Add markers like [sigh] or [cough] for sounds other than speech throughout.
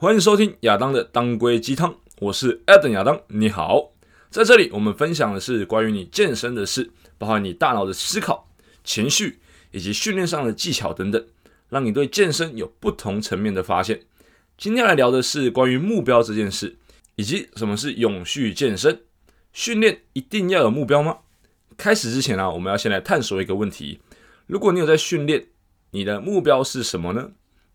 歡迎收聽亞當的當歸雞湯，我是 Adam 亞當，你好，在這裡我們分享的是關於你健身的事，包含你大腦的思考、情緒以及訓練上的技巧等等，讓你對健身有不同層面的發現。今天來聊的是關於目標這件事，以及什麼是永續健身，訓練一定要有目標嗎？開始之前呢，啊，我們要先來探索一個問題：如果你有在訓練，你的目標是什麼呢？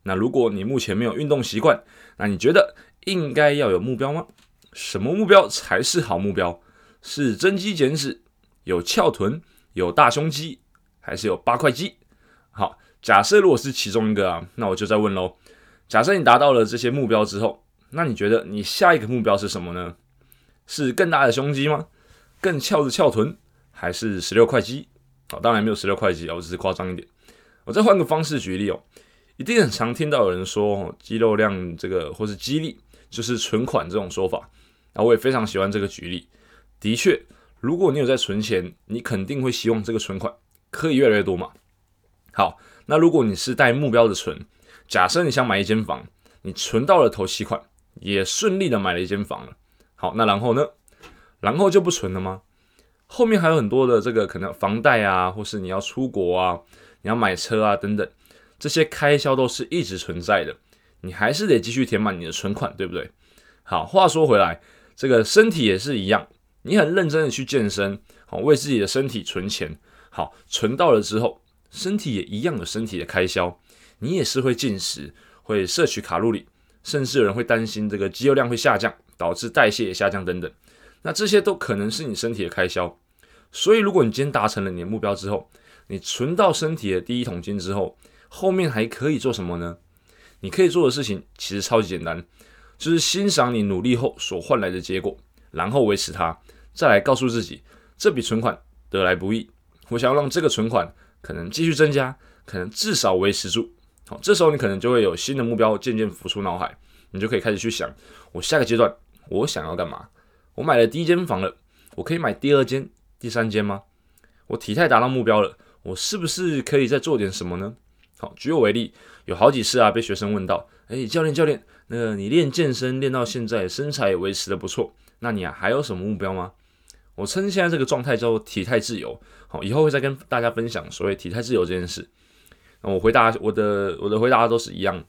那如果你目前沒有運動習慣，那你覺得應該要有目標嗎？什麼目標才是好目標？是增肌減脂，有翹臀，有大胸肌，還是有八塊肌？好，假設如果是其中一個啊，那我就再問嘍。假設你達到了這些目標之後，那你覺得你下一個目標是什麼呢？是更大的胸肌嗎？更翹的翹臀，還是十六塊肌？好，當然沒有十六塊肌啊，我只是誇張一點。我再換個方式舉例哦。一定很常聽到有人說，肌肉量這個或是肌力就是存款這種說法。那我也非常喜歡這個舉例。的確，如果你有在存錢，你肯定會希望這個存款可以越來越多嘛。好，那如果你是帶目標的存，假設你想買一間房，你存到了頭期款，也順利的買了一間房了。好，那然後呢？然後就不存了嗎？後面還有很多的這個可能房貸啊，或是你要出國啊，你要買車啊等等。這些開銷都是一直存在的，你還是得繼續填滿你的存款，對不對？好，話說回來，這個身體也是一樣，你很認真的去健身，好為自己的身體存錢，好存到了之後，身體也一樣有身體的開銷，你也是會進食，會攝取卡路里，甚至有人會擔心這個肌肉量會下降，導致代謝也下降等等，那這些都可能是你身體的開銷。所以，如果你今天達成了你的目標之後，你存到身體的第一桶金之後，後面還可以做什麼呢？你可以做的事情其實超級簡單，就是欣賞你努力後所換來的結果，然後維持它，再來告訴自己這筆存款得來不易。我想要讓這個存款可能繼續增加，可能至少維持住。好，這時候你可能就會有新的目標漸漸浮出腦海，你就可以開始去想：我下個階段我想要幹嘛？我買了第一間房了，我可以買第二間、第三間嗎？我體態達到目標了，我是不是可以再做點什麼呢？好，舉我為例，有好幾次啊，被學生問到：“哎、欸，教練，教練，那個你練健身練到現在，身材也維持得不錯，那你、啊、還有什麼目標嗎？”我稱現在這個狀態叫做體態自由。好，以後會再跟大家分享所謂體態自由這件事。那我回答我的我的回答都是一樣，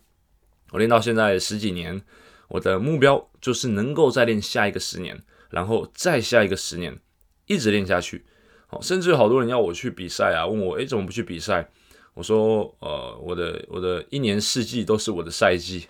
我練到現在十幾年，我的目標就是能夠再練下一個十年，然後再下一個十年，一直練下去。好，甚至有好多人要我去比賽啊，問我：“哎、欸，怎麼不去比賽？”我說，呃，我的我的一年四季都是我的賽季，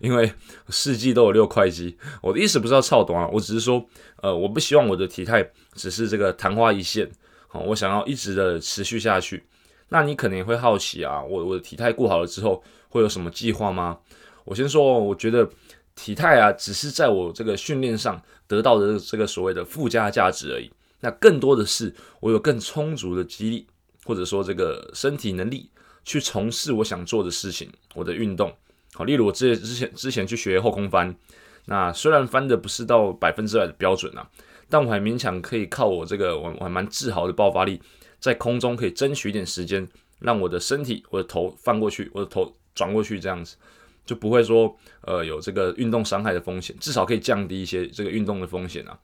因為四季都有六塊肌。我的意思不是要超短啊，我只是說，呃，我不希望我的體態只是這個曇花一現，好、哦，我想要一直的持續下去。那你可能也會好奇啊，我我的體態過好了之後會有什麼計劃嗎？我先說，我覺得體態啊，只是在我這個訓練上得到的這個所謂的附加價值而已。那更多的是我有更充足的肌力。或者說這個身體能力去從事我想做的事情，我的運動，好，例如我之之前之前去學後空翻，那雖然翻的不是到百分之百的標準啊，但我還勉強可以靠我這個我我還蠻自豪的爆發力，在空中可以爭取一點時間，讓我的身體我的頭翻過去，我的頭轉過去這樣子，就不會說呃有這個運動傷害的風險，至少可以降低一些這個運動的風險啊。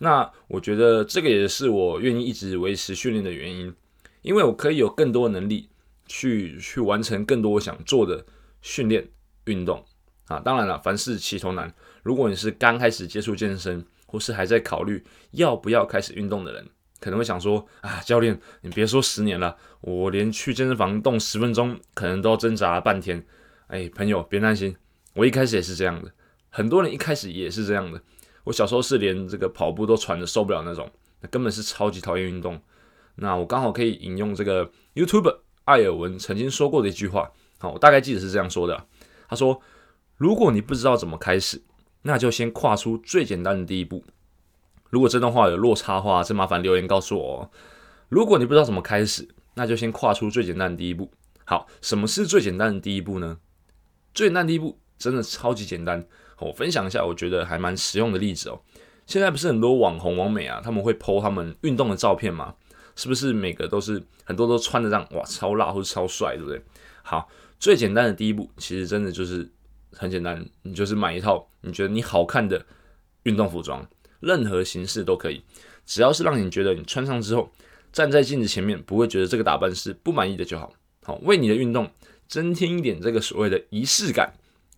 那我覺得這個也是我願意一直維持訓練的原因。因為我可以有更多的能力去去完成更多我想做的訓練運動啊！當然了，凡事起頭難。如果你是剛開始接觸健身，或是還在考慮要不要開始運動的人，可能會想說：啊，教練，你別說十年了，我連去健身房動十分鐘，可能都要掙扎了半天。哎，朋友，別擔心，我一開始也是這樣的。很多人一開始也是這樣的。我小時候是連這個跑步都喘得受不了那種，那根本是超級討厭運動。那我剛好可以引用這個 YouTuber 艾爾文曾經說過的一句話，好，我大概記得是這樣說的啊，他說：“如果你不知道怎麼開始，那就先跨出最簡單的第一步。”如果這段話有落差的話，真麻煩留言告訴我哦。如果你不知道怎麼開始，那就先跨出最簡單的第一步。好，什麼是最簡單的第一步呢？最難第一步真的超級簡單。好，我分享一下我覺得還蠻實用的例子哦。現在不是很多網紅網美啊，他們會 PO 他們運動的照片嗎？是不是每個都是很多都穿得這樣，哇，超辣或者超帥，對不對？好，最簡單的第一步其實真的就是很簡單，你就是買一套你覺得你好看的運動服裝，任何形式都可以，只要是讓你覺得你穿上之後站在鏡子前面不會覺得這個打扮是不滿意的就好。好，為你的運動增添一點這個所謂的儀式感，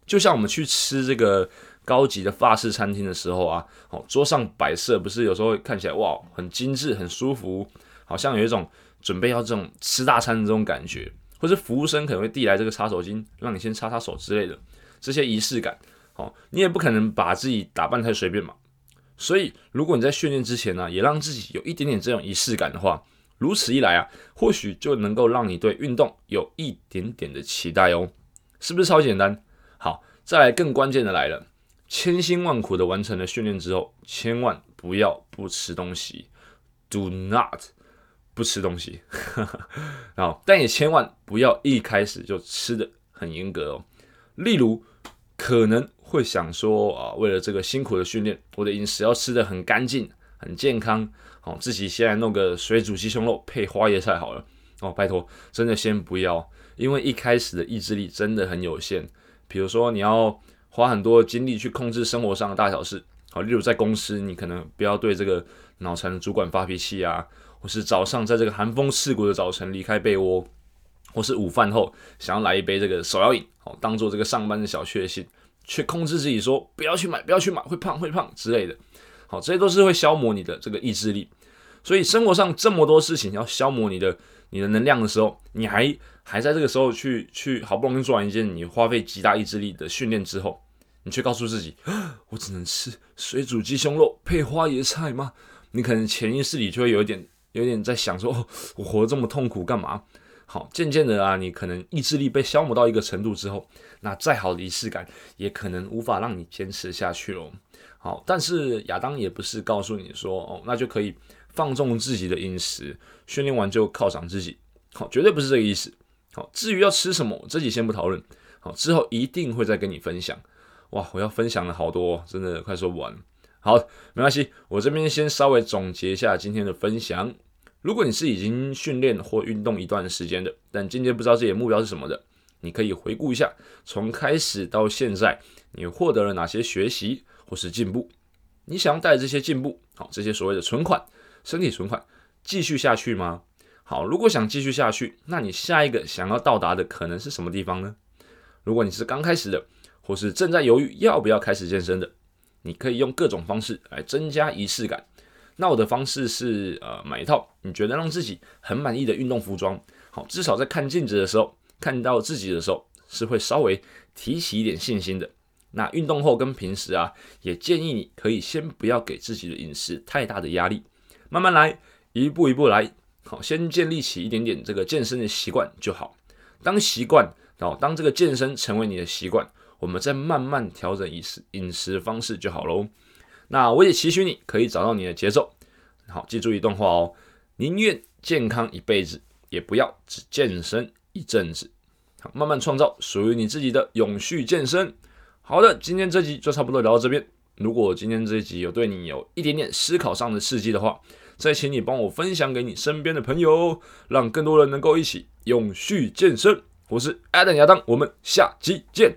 就像我們去吃這個高級的法式餐廳的時候啊，好，桌上擺設不是有時候會看起來，哇，很精緻很舒服。好像有一種準備要這種吃大餐的這種感覺，或是服務生可能會遞來這個擦手巾，讓你先擦擦手之類的這些儀式感，哦，你也不可能把自己打扮太隨便嘛。所以如果你在訓練之前呢，啊，也讓自己有一點點這種儀式感的話，如此一來啊，或許就能夠讓你對運動有一點點的期待哦，是不是超簡單？好，再來更關鍵的來了，千辛萬苦的完成了訓練之後，千萬不要不吃東西，Do not。不吃東西， [laughs] 好，但也千萬不要一開始就吃得很嚴格哦。例如，可能會想說啊，為了這個辛苦的訓練，我的飲食要吃得很乾淨、很健康，好、哦，自己先來弄個水煮雞胸肉配花椰菜好了。哦，拜托，真的先不要，因為一開始的意志力真的很有限。比如說，你要花很多精力去控制生活上的大小事，好、哦，例如在公司，你可能不要對這個腦殘的主管發脾氣啊。或是早上在這個寒風刺骨的早晨離開被窩，或是午飯後想要來一杯這個手搖飲，好，當做這個上班的小確幸，去控制自己說，不要去買，不要去買，會胖會胖之類的，好，這些都是會消磨你的這個意志力。所以生活上這麼多事情要消磨你的你的能量的時候，你還還在這個時候去去好不容易做完一件你花費極大意志力的訓練之後，你卻告訴自己，啊，我只能吃水煮雞胸肉配花椰菜嗎？你可能潛意識裡就會有一點。有點在想說，哦，我活這麼痛苦幹嘛？好，漸漸的啊，你可能意志力被消磨到一個程度之後，那再好的儀式感也可能無法讓你堅持下去嘍。好，但是亞當也不是告訴你說，哦，那就可以放縱自己的飲食，訓練完就犒賞自己。好，絕對不是這個意思。好，至於要吃什麼，我自己先不討論。好，之後一定會再跟你分享。哇，我要分享了好多，真的快說不完。好，沒關係。我這邊先稍微總結一下今天的分享。如果你是已經訓練或運動一段時間的，但今天不知道自己的目標是什麼的，你可以回顧一下從開始到現在你獲得了哪些學習或是進步。你想要帶着這些進步，好，這些所謂的存款、身體存款，繼續下去嗎？好，如果想繼續下去，那你下一個想要到達的可能是什麼地方呢？如果你是剛開始的，或是正在猶豫要不要開始健身的，你可以用各種方式來增加儀式感，那我的方式是，呃，買一套你覺得讓自己很滿意的運動服裝，好，至少在看鏡子的時候，看到自己的時候，是會稍微提起一點信心的。那運動後跟平時啊，也建議你可以先不要給自己的飲食太大的壓力，慢慢來，一步一步來，好，先建立起一點點這個健身的習慣就好。當習慣，哦，當這個健身成為你的習慣。我們再慢慢調整飲食飲食方式就好嘍。那我也期許你可以找到你的節奏。好，記住一段話哦：寧願健康一輩子，也不要只健身一陣子。好，慢慢創造屬於你自己的永續健身。好的，今天這集就差不多聊到這邊。如果今天這集有對你有一點點思考上的刺激的話，再請你幫我分享給你身邊的朋友，讓更多人能夠一起永續健身。我是 Adam 亞當，我們下期見。